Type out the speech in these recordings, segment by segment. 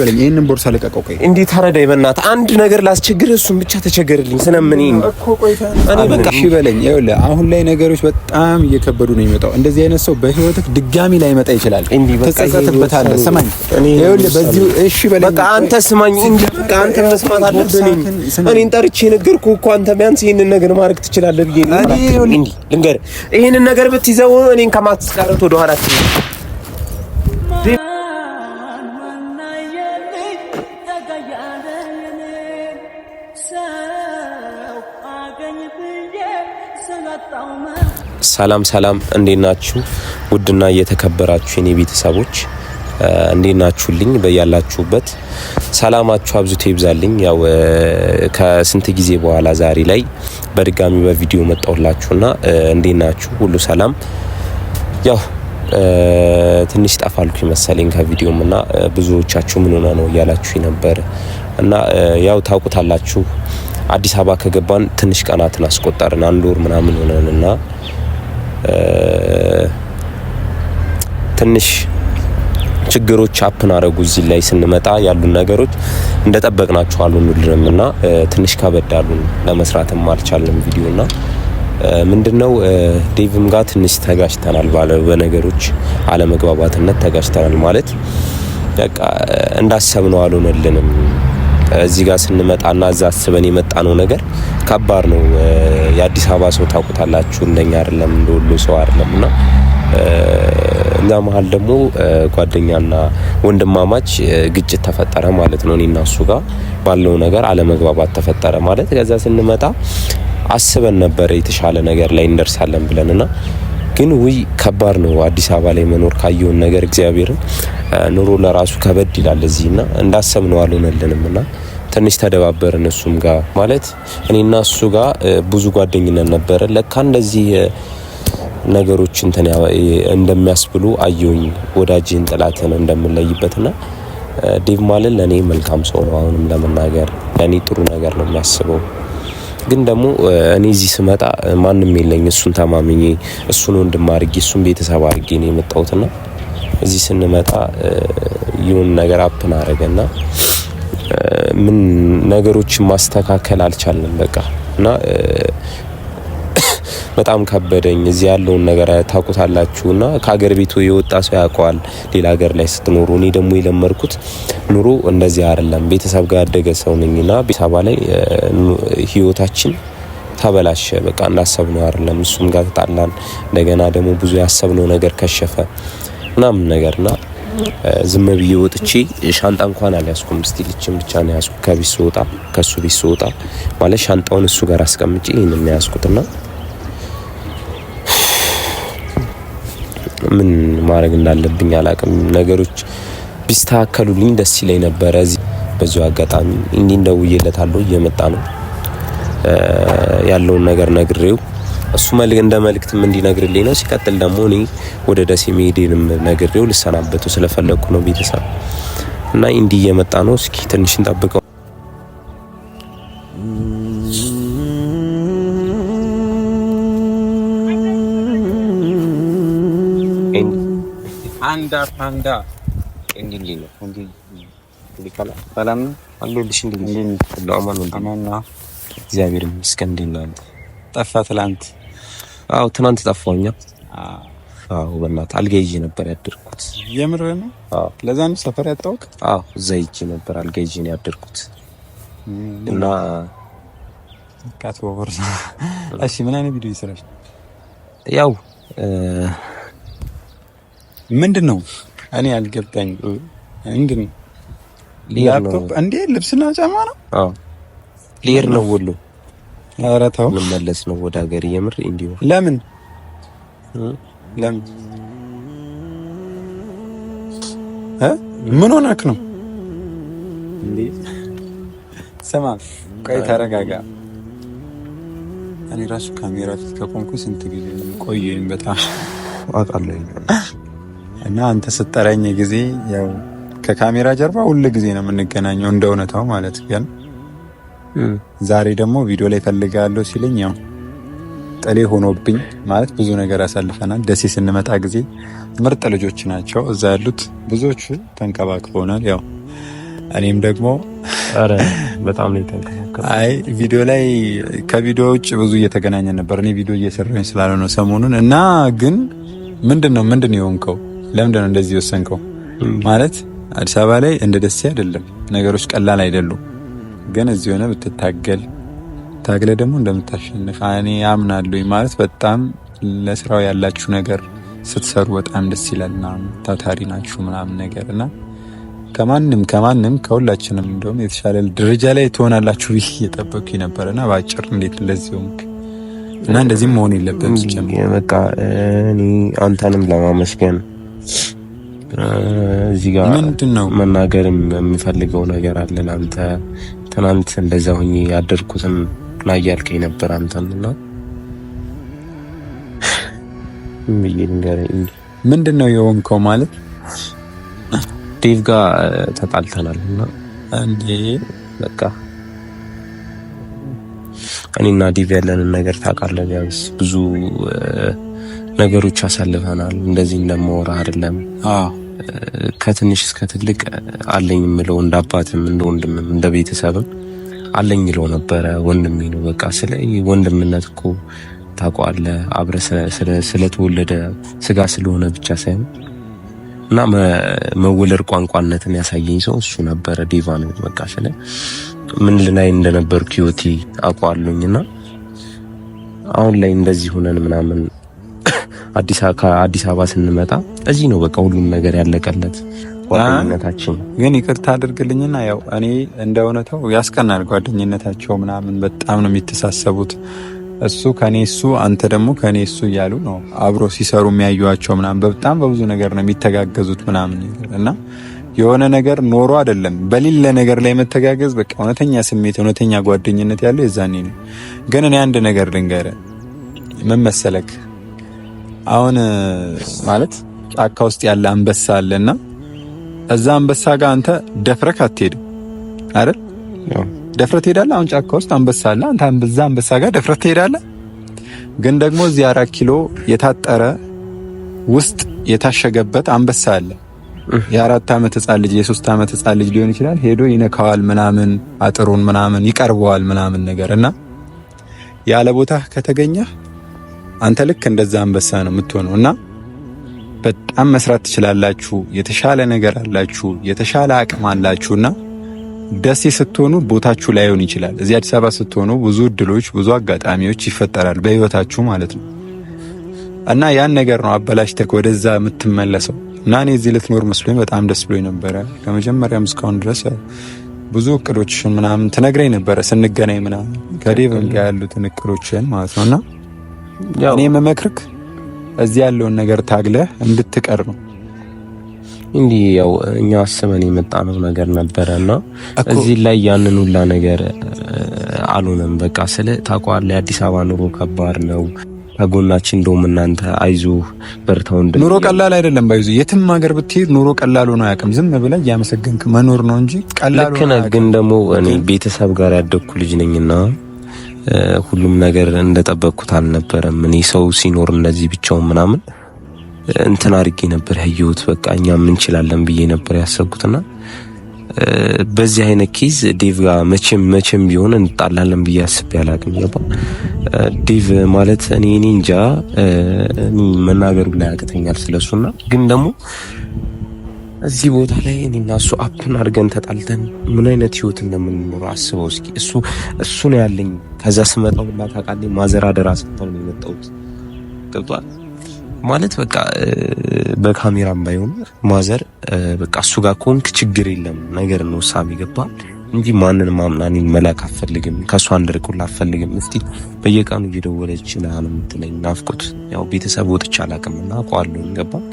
በለኝ። ይሄንን ቦርሳ ልቀቀው። ቆይ እንዴት አረዳኝ። በእናትህ አንድ ነገር ላስቸግርህ፣ እሱን ብቻ ተቸገርልኝ። ስለምን እኮ ቆይታ እኔ በቃ እሺ በለኝ። ይኸውልህ አሁን ላይ ነገሮች በጣም እየከበዱ ነው የሚመጣው። እንደዚህ አይነት ሰው በህይወትህ ድጋሚ ላይ መጣ ይችላል። ትጸጸትበታለህ። ስማኝ፣ ይኸውልህ በዚህ እሺ በለኝ። በቃ አንተ ስማኝ እንጂ በቃ አንተ መስማት አለብህ። እኔን ጠርቼ ነገርኩህ እኮ አንተ ቢያንስ ይሄንን ነገር ማድረግ ትችላለህ ብዬ ልንገርህ። ይሄንን ነገር ብትይዘው እኔን ከማስቀረት ወደ ኋላ ሰላም ሰላም፣ እንዴት ናችሁ? ውድና እየተከበራችሁ የኔ ቤተሰቦች እንዴት ናችሁልኝ? በያላችሁበት ሰላማችሁ አብዝቶ ይብዛልኝ። ያው ከስንት ጊዜ በኋላ ዛሬ ላይ በድጋሚ በቪዲዮ መጣሁላችሁና እንዴት ናችሁ? ሁሉ ሰላም ያው ትንሽ ጠፋልኩ መሰለኝ ከቪዲዮም እና ብዙዎቻችሁ ምን ሆነ ነው እያላችሁ ነበር እና ያው ታውቁታላችሁ አዲስ አበባ ከገባን ትንሽ ቀናትን አስቆጠርን። አንድ ወር ምናምን ሆነንና ትንሽ ችግሮች አፕን አረጉ። እዚህ ላይ ስንመጣ ያሉን ነገሮች እንደጠበቅናቸው አልሆኑልንም እና ትንሽ ከበድ አሉን። ለመስራትም አልቻልንም ቪዲዮና ምንድነው ዴቭም ጋር ትንሽ ተጋጭተናል። ባለ በነገሮች አለመግባባትነት ተጋጭተናል ማለት በቃ እንዳሰብነው አልሆነልንም። እዚህ ጋር ስንመጣና እዛ አስበን የመጣ ነው ነገር ከባድ ነው። የአዲስ አበባ ሰው ታውቁታላችሁ፣ እንደኛ አይደለም እንደ ወሎ ሰው አይደለም እና እዛ መሀል ደግሞ ጓደኛና ወንድማማች ግጭት ተፈጠረ ማለት ነው። እኔና እሱ ጋር ባለው ነገር አለመግባባት ተፈጠረ ማለት ከዛ ስንመጣ አስበን ነበር የተሻለ ነገር ላይ እንደርሳለን ብለንና ግን ውይ ከባድ ነው አዲስ አበባ ላይ መኖር ካየውን ነገር እግዚአብሔርን ኑሮ ለራሱ ከበድ ይላል እዚህ እና እንዳሰብነው አልሆነልንም እና ትንሽ ተደባበርን። እሱም ጋር ማለት እኔና እሱ ጋር ብዙ ጓደኝነት ነበረ። ለካ እንደዚህ ነገሮች እንትን እንደሚያስብሉ አየውኝ ወዳጅን ጥላትን እንደምንለይበትና ዴቭ ማለት ለእኔ መልካም ሰው ነው። አሁንም ለመናገር ለእኔ ጥሩ ነገር ነው የሚያስበው ግን ደግሞ እኔ እዚህ ስመጣ ማንም የለኝ እሱን ተማምኜ እሱን ወንድም አድርጌ እሱን ቤተሰብ አድርጌ ነው ና እዚህ ስንመጣ ይሁን ነገር አፕን አረገና ምን ነገሮችን ማስተካከል አልቻለም በቃ እና በጣም ከበደኝ። እዚህ ያለውን ነገር ታውቁታላችሁና ከሀገር ቤቱ የወጣ ሰው ያውቀዋል። ሌላ ሀገር ላይ ስትኖሩ እኔ ደግሞ የለመድኩት ኑሮ እንደዚህ አይደለም። ቤተሰብ ጋር ያደገ ሰው ነኝና አዲስ አበባ ላይ ህይወታችን ተበላሸ። በቃ እንዳሰብነው አይደለም። እሱም ጋር ተጣላን። እንደገና ደግሞ ብዙ ያሰብነው ነገር ከሸፈ ምናምን ነገርና ዝም ብዬ ወጥቼ ሻንጣ እንኳን አልያዝኩም። ስቲል ይችን ብቻ ነው ያዝኩት። ከቤት ስወጣ ከሱ ቤት ስወጣ ማለት ሻንጣውን እሱ ጋር አስቀምጬ ይህንን ያዝኩትና ምን ማድረግ እንዳለብኝ አላቅም። ነገሮች ቢስተካከሉልኝ ደስ ይለኝ ነበረ። እዚህ በዚሁ አጋጣሚ እንዲን ደውዬለታለሁ፣ እየመጣ ነው ያለውን ነገር ነግሬው እሱ መልክ እንደ መልእክትም እንዲነግርልኝ ነው። ሲቀጥል ደግሞ እኔ ወደ ደሴ መሄዴንም ነግሬው ልሰናበቱ ስለፈለግኩ ነው ቤተሰብ እና እንዲህ እየመጣ ነው። እስኪ ትንሽ እንጠብቀው። አንዳ ፓንዳ እንግዲህ እግዚአብሔር ይመስገን። እንዴት ነው አንተ? ጠፋህ ትናንት? አዎ ትናንት ጠፋሁኝ። አዎ በእናትህ አልጋ ይዤ ነበር ያደርኩት። የምርህ ነው? አዎ ለዛ ነው ሰፈር ያጣሁት። አዎ እዛ ይዤ ነበር አልጋ ይዤ ነው ያደርኩት እና እሺ ምን አይነት ቪዲዮ ያው ምንድን ነው? እኔ አልገባኝ። እንግዲህ ላፕቶፕ እንዴ ልብስና ጫማ ነው። አዎ ልሄድ ነው ወሎ። ኧረ ተው፣ መለስ ነው ወደ ሀገር። የምር እንዲሁ ለምን ለምን እ ምን ሆነክ ነው? እንዴ? ስማ ቆይ ተረጋጋ። እኔ ራሱ ካሜራ ፊት ከቆምኩ ስንት ጊዜ ቆየኝ። በጣም አውቃለሁ። እና አንተ ስጠራኝ ጊዜ ያው ከካሜራ ጀርባ ሁል ጊዜ ነው የምንገናኘው እንደ እውነታው ማለት ግን ዛሬ ደግሞ ቪዲዮ ላይ ፈልጋለሁ ሲለኝ ያው ጥሌ ሆኖብኝ ማለት ብዙ ነገር አሳልፈናል። ደሴ ስንመጣ ጊዜ ምርጥ ልጆች ናቸው እዛ ያሉት ብዙዎቹ ተንከባክበውናል። ያው እኔም ደግሞ በጣም አይ ቪዲዮ ላይ ከቪዲዮ ውጭ ብዙ እየተገናኘ ነበር። እኔ ቪዲዮ እየሰራኝ ስላልሆነ ሰሞኑን እና ግን ምንድን ነው ምንድን የሆንከው ለምንድን ነው እንደዚህ ወሰንከው? ማለት አዲስ አበባ ላይ እንደ ደሴ አይደለም፣ ነገሮች ቀላል አይደሉም። ግን እዚህ ሆነ ብትታገል ታግለ ደግሞ እንደምታሸንፍ እኔ አምናለሁ። ማለት በጣም ለስራው ያላችሁ ነገር ስትሰሩ በጣም ደስ ና ታታሪ ናችሁ ምናምን ነገር እና ከማንም ከማንም ከሁላችንም እንደውም የተሻለ ደረጃ ላይ ትሆናላችሁ ብዬ እየጠበኩ ና በአጭር እንዴት እንደዚህ እና እንደዚህም መሆን የለብም። በቃ እኔ አንተንም ለማመስገን እዚህ ጋር ምንድነው መናገርም የምፈልገው ነገር አለ ለአንተ። ትናንት እንደዛ ሆኜ ያደርኩትን ላይ ያልከኝ ነበር አንተን እና ምንድን ነው የሆንከው? ማለት ዴቭ ጋር ተጣልተናል እና እንዴ በቃ እኔና ዴቭ ያለንን ነገር ታውቃለህ። ቢያንስ ብዙ ነገሮች አሳልፈናል። እንደዚህ እንደማወራ አይደለም። ከትንሽ እስከ ትልቅ አለኝ የምለው እንደ አባትም እንደ ወንድምም እንደ ቤተሰብም አለኝ ይለው ነበረ። ወንድም ነው በቃ። ስለ ወንድምነት እኮ ታውቀዋለህ፣ አብረ ስለተወለደ ስጋ ስለሆነ ብቻ ሳይሆን እና መወለድ ቋንቋነትን ያሳየኝ ሰው እሱ ነበረ። ዴቫ ነው በቃ። ስለ ምን ልናይ እንደነበርኩ ህይወቴ አውቀዋለሁኝና አሁን ላይ እንደዚህ ሆነን ምናምን አዲስ አበባ ስንመጣ እዚህ ነው በቃ ሁሉም ነገር ያለቀለት። ጓደኝነታችን ግን ይቅርታ አድርግልኝና ያው እኔ እንደ እውነተው ያስቀናል ጓደኝነታቸው ምናምን በጣም ነው የሚተሳሰቡት። እሱ ከኔ እሱ አንተ ደግሞ ከኔ እሱ እያሉ ነው አብሮ ሲሰሩ የሚያዩቸው ምናምን በጣም በብዙ ነገር ነው የሚተጋገዙት ምናምን እና የሆነ ነገር ኖሮ አይደለም በሌለ ነገር ላይ መተጋገዝ በቃ እውነተኛ ስሜት እውነተኛ ጓደኝነት ያለው የዛኔ ነው። ግን እኔ አንድ ነገር ልንገርህ ምን መሰለክ አሁን ማለት ጫካ ውስጥ ያለ አንበሳ አለና እዛ አንበሳ ጋር አንተ ደፍረክ አትሄድም አይደል? ደፍረህ ትሄዳለህ። አሁን ጫካ ውስጥ አንበሳ አለ። አንተ አንበዛ አንበሳ ጋር ደፍረህ ትሄዳለህ። ግን ደግሞ እዚህ አራት ኪሎ የታጠረ ውስጥ የታሸገበት አንበሳ አለ። የአራት ዓመት ህፃን ልጅ የሶስት ዓመት ህፃን ልጅ ሊሆን ይችላል። ሄዶ ይነካዋል ምናምን አጥሩን ምናምን ይቀርበዋል ምናምን ነገር እና ያለ ቦታ ከተገኘህ አንተ ልክ እንደዛ አንበሳ ነው የምትሆነው እና በጣም መስራት ትችላላችሁ። የተሻለ ነገር አላችሁ፣ የተሻለ አቅም አላችሁና ደሴ ስትሆኑ ቦታችሁ ላይሆን ይችላል። እዚህ አዲስ አበባ ስትሆኑ ብዙ እድሎች፣ ብዙ አጋጣሚዎች ይፈጠራል በህይወታችሁ ማለት ነው እና ያን ነገር ነው አበላሽተህ ወደዛ የምትመለሰው እና እኔ እዚህ ልትኖር መስሎኝ በጣም ደስ ብሎኝ ነበረ። ከመጀመሪያም እስካሁን ድረስ ብዙ እቅዶች ምናምን ትነግረኝ ነበረ ስንገናኝ ምናምን ከዴቭም ጋር ያሉትን እቅዶችን ማለት ነውና እኔ መመክርክ እዚህ ያለውን ነገር ታግለህ እንድትቀር ነው። እንዲህ ያው እኛ አስበን የመጣነው ነገር ነበረና እዚህ ላይ ያንን ሁላ ነገር አልሆነም። በቃ ስለ ታውቀዋለህ፣ አዲስ አበባ ኑሮ ከባድ ነው። ከጎናችን እንደውም እናንተ አይዞ በርተው እንደ ኑሮ ቀላል አይደለም። ባይዙ የትም ሀገር ብትሄድ ኑሮ ቀላል ሆኖ አያውቅም። ዝም ብለህ እያመሰገንክ መኖር ነው እንጂ ቀላል ልክ ነህ። ግን ደግሞ እኔ ቤተሰብ ጋር ያደግኩ ልጅ ነኝና ሁሉም ነገር እንደጠበቅኩት አልነበረም። እኔ ሰው ሲኖር እንደዚህ ብቻውን ምናምን እንትን አድርጌ ነበር ህይወት በቃ እኛም እንችላለን ብዬ ነበር ያሰብኩትና በዚህ አይነት ኬዝ ዴቭ ጋር መቼም መቼም ቢሆን እንጣላለን ብዬ አስቤ አላቅም። ገባ ዴቭ ማለት እኔ እኔ እንጃ ላይ ብላ ያቅተኛል ስለሱና ግን ደግሞ እዚህ ቦታ ላይ እኔና እሱ አፕን አድርገን ተጣልተን ምን አይነት ህይወት እንደምንኖረ አስበው እስኪ። እሱ እሱ ነው ያለኝ። ከዛ ስመጣው እና ታውቃለህ ማዘር አደራ ሰጥተው ነው የመጣሁት። ገብቷል ማለት በቃ በካሜራም ባይሆን ማዘር በቃ እሱ ጋር ከሆንክ ችግር የለም ነገር ነው ሳሚ ይገባል እንጂ ማንንም አምናኔ መላክ አፈልግም። ከእሱ አንድ አፈልግም። እስቲ በየቀኑ እየደወለች ናህል የምትለኝ ናፍቁት። ያው ቤተሰብ ወጥቼ አላውቅም እና አውቀዋለሁ ይገባል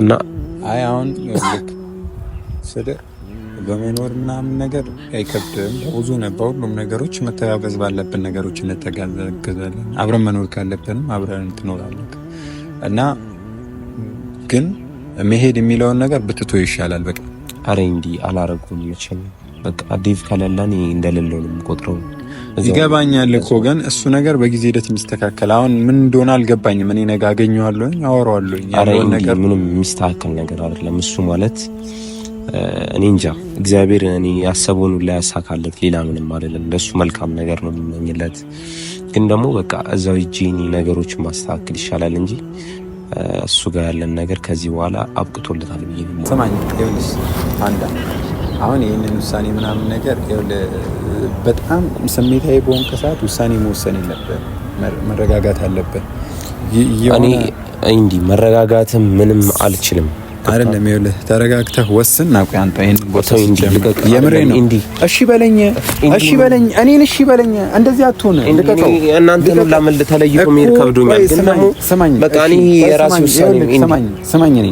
እና አይ አሁን ልክ ስለ በመኖር ምናምን ነገር አይከብድም። በብዙ በሁሉም ነገሮች መተጋገዝ ባለብን ነገሮች እንተጋገዛለን። አብረን መኖር ካለብንም አብረን ትኖራለን እና ግን መሄድ የሚለውን ነገር ብትቶ ይሻላል። በቃ አረ እንዲህ አላረጉም ይችላል። በቃ ዴቭ ከሌለ እኔ እንደሌለው ነው የምቆጥረው። ይገባኛል እኮ ግን እሱ ነገር በጊዜ ሂደት የሚስተካከል አሁን ምን እንደሆነ አልገባኝም። እኔ ነገ አገኘዋለሁኝ፣ አወራዋለሁኝ። ነገር ምንም የሚስተካከል ነገር አይደለም እሱ ማለት እኔ እንጃ። እግዚአብሔር እኔ ያሰበውን ሁላ ያሳካለት፣ ሌላ ምንም አይደለም። ለሱ መልካም ነገር ነው የምመኝለት። ግን ደግሞ በቃ እዛው ሂጂ ነገሮች ማስተካከል ይሻላል እንጂ እሱ ጋር ያለን ነገር ከዚህ በኋላ አብቅቶለታል ብዬ ነው። አሁን ይህንን ውሳኔ ምናምን ነገር በጣም ስሜታዊ በሆንክ ሰዓት ውሳኔ መወሰን የለብን፣ መረጋጋት አለብን። እኔ እንዲህ መረጋጋትም ምንም አልችልም አይደለም። ይኸውልህ ተረጋግተህ ወስን ና ቆይ፣ አንተ ይሄን ቦታ የምሬ ነው። እሺ በለኝ፣ እሺ በለኝ፣ እኔን እሺ በለኝ። እንደዚህ አትሆን። እናንተ እናንተን ላመልጥ ተለይቶ መሄድ ከብዶኛል። ግን ደግሞ ስማኝ፣ በቃ እኔ የራሴ ውሳኔ ስማኝ፣ ስማኝ እኔ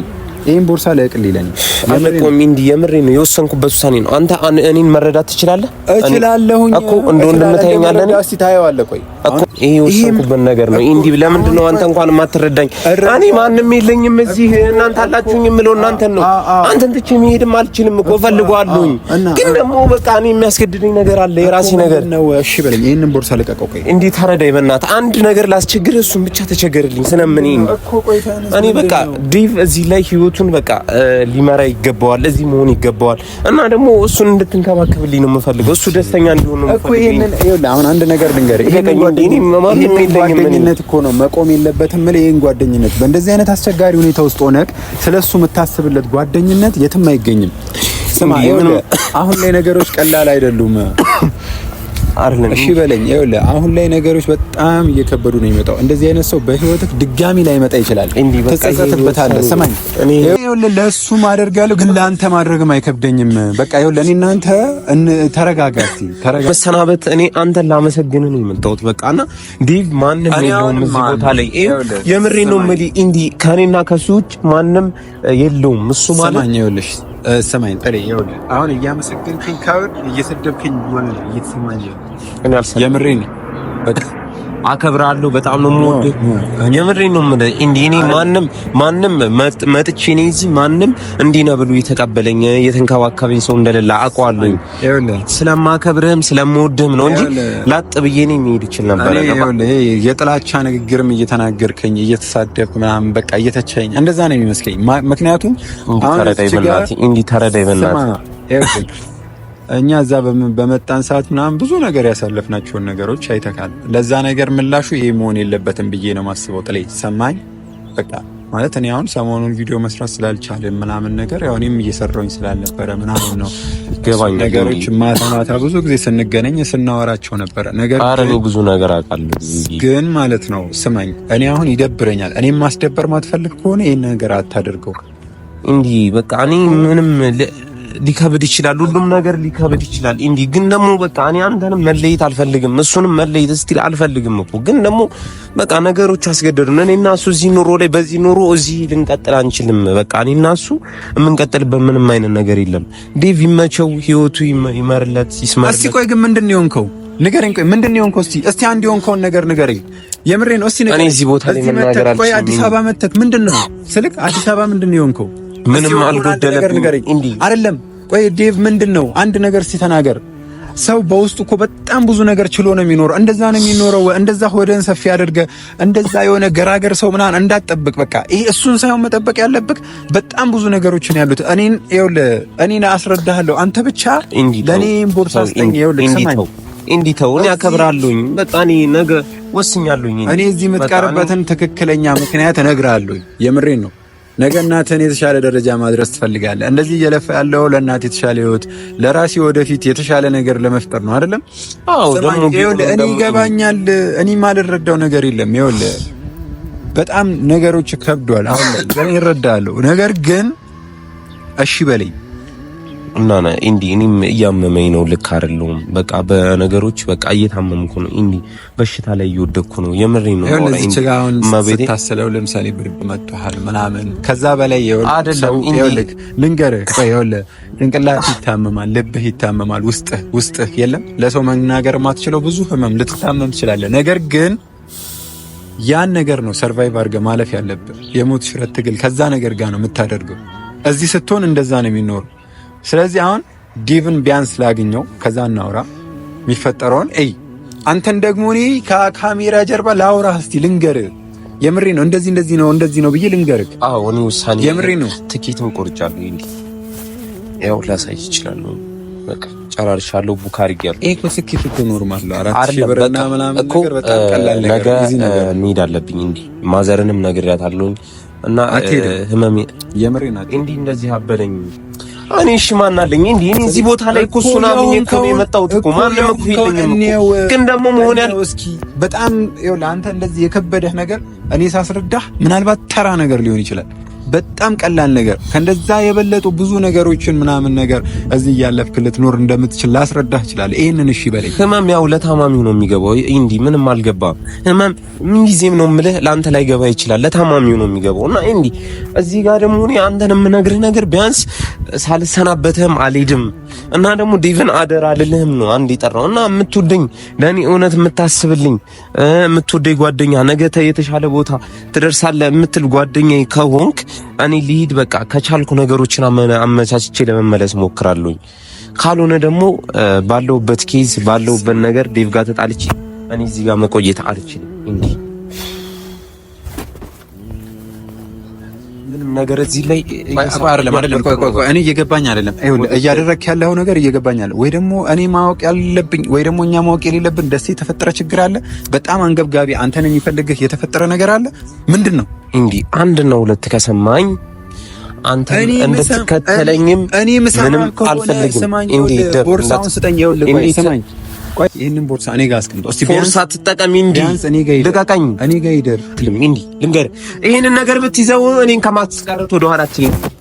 ይህን ቦርሳ ለቅል ይለኝ አለቆሚ እንዲ የምሬ ነው። የወሰንኩበት ውሳኔ ነው። አንተ እኔን መረዳት ትችላለህ? እችላለሁኝ እኮ እንደ ወንድምህ ታየኛለህ። እስቲ ታየዋለህ። ቆይ ይሄ ወሰንኩበት ነገር ነው። እንዲህ ለምንድን ነው አንተ እንኳን የማትረዳኝ? እኔ ማንም የለኝም እዚህ እናንተ አላችሁኝ የምለው እናንተን ነው። አንተን ትቼ መሄድም አልችልም እኮ እፈልገዋለሁኝ፣ ግን ደግሞ በቃ እኔ የሚያስገድደኝ ነገር አለ፣ የራሴ ነገር ነው። እሺ በለኝ፣ ይሄንን ቦርሳ ልቀቀው። ቆይ እንዲህ ተረዳኝ፣ በእናትህ አንድ ነገር ላስቸግር፣ እሱን ብቻ ተቸገርልኝ። ስለምን እኔ በቃ ዴቭ እዚህ ላይ ህይወቱን በቃ ሊመራ ይገባዋል፣ እዚህ መሆን ይገባዋል። እና ደግሞ እሱን እንድትንከባከብልኝ ነው የምፈልገው፣ እሱ ደስተኛ እንዲሆን ነው የምፈልገው። አሁን አንድ ነገር ልንገርህ ጓደኝነት እኮ ነው መቆም የለበትም። ምል ይህን ጓደኝነት በእንደዚህ አይነት አስቸጋሪ ሁኔታ ውስጥ ሆነህ ስለሱ የምታስብለት ጓደኝነት የትም አይገኝም። ስማ አሁን ላይ ነገሮች ቀላል አይደሉም። እሺ በለኝ። ይኸውልህ አሁን ላይ ነገሮች በጣም እየከበዱ ነው የሚመጣው። እንደዚህ አይነት ሰው በህይወትህ ድጋሚ ላይመጣ ይችላል። ትጸጸትበታለህ። ስማኝ ይኸውልህ ለእሱ ማድረግ ያለው ግን ለአንተ ማድረግም አይከብደኝም። በቃ ይኸውልህ እኔ እናንተ ተረጋጋት ተረጋጋ። መሰናበት እኔ አንተን ላመሰግን ነው የመጣሁት። በቃ እና ዴቭ ማንም የለውም እዚህ ቦታ ላይ የምሬ ነው የምልህ። እንዲ ከእኔና ከእሱ ውጭ ማንም የለውም። እሱ ማለት ሰማኝ፣ ይኸውልሽ ሰማኝ። ጥሬ ይኸውልህ አሁን እያመሰገንከኝ ካወር እየሰደብከኝ ሆነ እየተሰማኝ የምሬ ነው በቃ አከብራለሁ። በጣም ነው የምወደው። የምሬን ነው የምልህ። እንዲህ እኔ ማንም ማንም መጥቼ እኔ እዚህ ማንም እንዲህ ነው ብሎ የተቀበለኝ የተንከባከበኝ ሰው እንደሌለ አውቀዋለሁ። ስለማከብርህም ስለምወድህም ነው እንጂ ላጥ ብዬ እኔ መሄድ ይችል ነበር። የጥላቻ ንግግርም እየተናገርከኝ እየተሳደብክ ምናምን በቃ እየተቻኝ እንደዛ ነው የሚመስለኝ። ምክንያቱም ተረዳይ በእናትህ እንዲህ ተረዳይ በእናትህ እኛ እዛ በመጣን ሰዓት ምናምን ብዙ ነገር ያሳለፍናቸውን ነገሮች አይተካል። ለዛ ነገር ምላሹ ይሄ መሆን የለበትም ብዬ ነው ማስበው። ጥሌ ሰማኝ። በቃ ማለት እኔ አሁን ሰሞኑን ቪዲዮ መስራት ስላልቻለ ምናምን ነገር ያው እኔም ስላልነበረ ምናምን ነው ነገሮች ማታ ማታ ብዙ ጊዜ ስንገናኝ ስናወራቸው ነበረ። ነገር ብዙ ነገር አውቃለሁ፣ ግን ማለት ነው ስማኝ፣ እኔ አሁን ይደብረኛል። እኔም ማስደበር ማትፈልግ ከሆነ ይህን ነገር አታደርገው። እንዲህ በቃ እኔ ምንም ሊከብድ ይችላል፣ ሁሉም ነገር ሊከብድ ይችላል። እንዲ ግን ደግሞ በቃ እኔ አንተንም መለየት አልፈልግም፣ እሱንም መለየት እስቲል አልፈልግም እኮ ግን ደግሞ በቃ ነገሮች አስገደዱን። እኔ እና እሱ እዚህ ኑሮ ላይ በዚህ ኑሮ እዚህ ልንቀጥል አንችልም። በቃ እኔ እና እሱ የምንቀጥልበት ምንም አይነት ነገር የለም። ዴቭ ይመቸው፣ ህይወቱ ይመርለት፣ ይስማርለት። እስቲ ቆይ ግን ምንድን ነው የሆንከው? ንገረኝ። ቆይ ምንድን ነው የሆንከው? እስቲ እስቲ አንድ የሆንከውን ነገር ንገረኝ። የምሬን ነው። እስቲ ንገረኝ። እዚህ ቦታ ላይ መናገር አልችልም። ቆይ አዲስ አበባ መተክ ምንድን ነው ስልክ አዲስ አበባ ምንድን ነው የሆንከው? ምንም አልጎደለብኝ። እንዲህ አይደለም። ቆይ ዴቭ፣ ምንድን ነው አንድ ነገር ሲተናገር ሰው በውስጡ እኮ በጣም ብዙ ነገር ችሎ ነው የሚኖረው። እንደዛ ነው የሚኖረው። እንደዛ ሆደን ሰፊ አድርገ እንደዛ የሆነ ገራገር ሰው ምናምን እንዳትጠብቅ። በቃ ይሄ እሱን ሳይሆን መጠበቅ ያለብክ በጣም ብዙ ነገሮች ነው ያሉት እኔን ይኸውልህ፣ እኔን አስረዳሃለሁ። አንተ ብቻ ለእኔ ቦርሳ ስጠኝ። ይኸውልህ ሰማኝ እንዲህ ተው። እኔ አከብራለሁኝ። በቃ እኔ ነገ ወስኛለሁኝ። እኔ እዚህ የምትቀርበትን ትክክለኛ ምክንያት እነግርሃለሁኝ። የምሬን ነው ነገ እናትህን የተሻለ ደረጃ ማድረስ ትፈልጋለህ። እንደዚህ እየለፋ ያለው ለእናት የተሻለ ህይወት፣ ለራሴ ወደፊት የተሻለ ነገር ለመፍጠር ነው አይደለም? እኔ ይገባኛል። እኔ ማልረዳው ነገር የለም። ይኸውልህ በጣም ነገሮች ከብዷል አሁን ላይ እረዳለሁ። ነገር ግን እሺ በለኝ እና ኢንዲ እኔም እያመመኝ ነው። ልክ አይደለሁም። በቃ በነገሮች በቃ እየታመምኩ ነው። ኢንዲ በሽታ ላይ እየወደኩ ነው። የምሬ ነው። ስታስለው ለምሳሌ ብርድ መጥቷል ምናምን ከዛ በላይ ይኸውልህ፣ ልንገርህ፣ ይኸውልህ ጭንቅላት ይታመማል፣ ልብህ ይታመማል፣ ውስጥህ ውስጥህ የለም ለሰው መናገር ማትችለው ብዙ ህመም ልትታመም ትችላለህ። ነገር ግን ያን ነገር ነው ሰርቫይቭ አድርገህ ማለፍ ያለብህ። የሞት ሽረት ትግል ከዛ ነገር ጋር ነው የምታደርገው። እዚህ ስትሆን እንደዛ ነው የሚኖረው ስለዚህ አሁን ዲቭን ቢያንስ ላግኘው፣ ከዛ እናውራ የሚፈጠረውን እይ። አንተን ደግሞ እኔ ከካሜራ ጀርባ ላውራ እስቲ ልንገርህ። የምሬ ነው። እንደዚህ እንደዚህ ነው እንደዚህ ነው ብዬ ልንገርህ። አዎ እኔ ውሳኔ የምሬ ነው። ትኬቱን ቆርጫለሁ። እንዴ ያው ላሳይ ይችላል። በቃ ጨራርሻለሁ። ቡክ አድርጌያለሁ። ይሄ እኮ ትኬት እኮ ኖርማል ነው። አራት ሺህ ብር እና ምናምን ነገር በጣም ቀላል ነገር አለብኝ። እንዴ ማዘርንም ነግሬያታለሁ እና ህመሜ የምሬ እንዴ እንደዚህ አበደኝ። እኔ እሺ ማን አለኝ እንዴ? እኔ እዚህ ቦታ ላይ እኮ እሱን አምኜ እኮ ነው የመጣሁት እኮ ማንም እኮ የለኝም እኮ። ግን ደግሞ መሆን ያለው እስኪ በጣም ይኸውልህ፣ አንተ እንደዚህ የከበደህ ነገር እኔ ሳስረዳህ ምናልባት ተራ ነገር ሊሆን ይችላል በጣም ቀላል ነገር ከእንደዛ የበለጡ ብዙ ነገሮችን ምናምን ነገር እዚህ እያለፍክ ልትኖር እንደምትችል ላስረዳህ እችላለሁ። ይህንን እሺ በለኝ። ህመም ያው ለታማሚው ነው የሚገባው። እንዲህ ምንም አልገባም። ህመም ምንጊዜም ነው የምልህ ለአንተ ላይ ገባ ይችላል፣ ለታማሚው ነው የሚገባው። እና እንዲህ እዚህ ጋር ደግሞ እኔ አንተን የምነግርህ ነገር ቢያንስ ሳልሰናበትህም አልሄድም እና ደግሞ ዴቭን አደራ አልልህም ነው አንድ የጠራው እና የምትወደኝ ለእኔ እውነት የምታስብልኝ የምትወደኝ ጓደኛ ነገ የተሻለ ቦታ ትደርሳለህ የምትል ጓደኛ ከሆንክ እኔ ልሂድ፣ በቃ ከቻልኩ ነገሮችን አመቻችቼ ለመመለስ ሞክራለሁኝ። ካልሆነ ደግሞ ባለውበት ኬዝ ባለውበት ነገር ዴቭ ጋር ተጣልቼ እኔ እዚህ ጋር መቆየት አልችልም። ነገር እዚህ ላይ እኔ እየገባኝ አይደለም። እያደረግክ ያለው ነገር እየገባኝ አለ ወይ ደግሞ እኔ ማወቅ ያለብኝ ወይ ደግሞ እኛ ማወቅ የሌለብን ደሴ የተፈጠረ ችግር አለ። በጣም አንገብጋቢ አንተ አንተን የሚፈልግህ የተፈጠረ ነገር አለ። ምንድን ነው? እንዲህ አንድ ነው ሁለት ከሰማኝ አንተ እንድትከተለኝም ምንም አልፈልግም። ቆይ ይሄንን ቦርሳ እኔ ጋር አስቀምጠው እስቲ። ቦርሳ ትጠቀሚ እንጂ እኔ ጋር ልቀቀኝ። እኔ ጋር ይደር። ይሄንን ነገር ብትይዘው እኔን ከማስቀረት ወደ ኋላ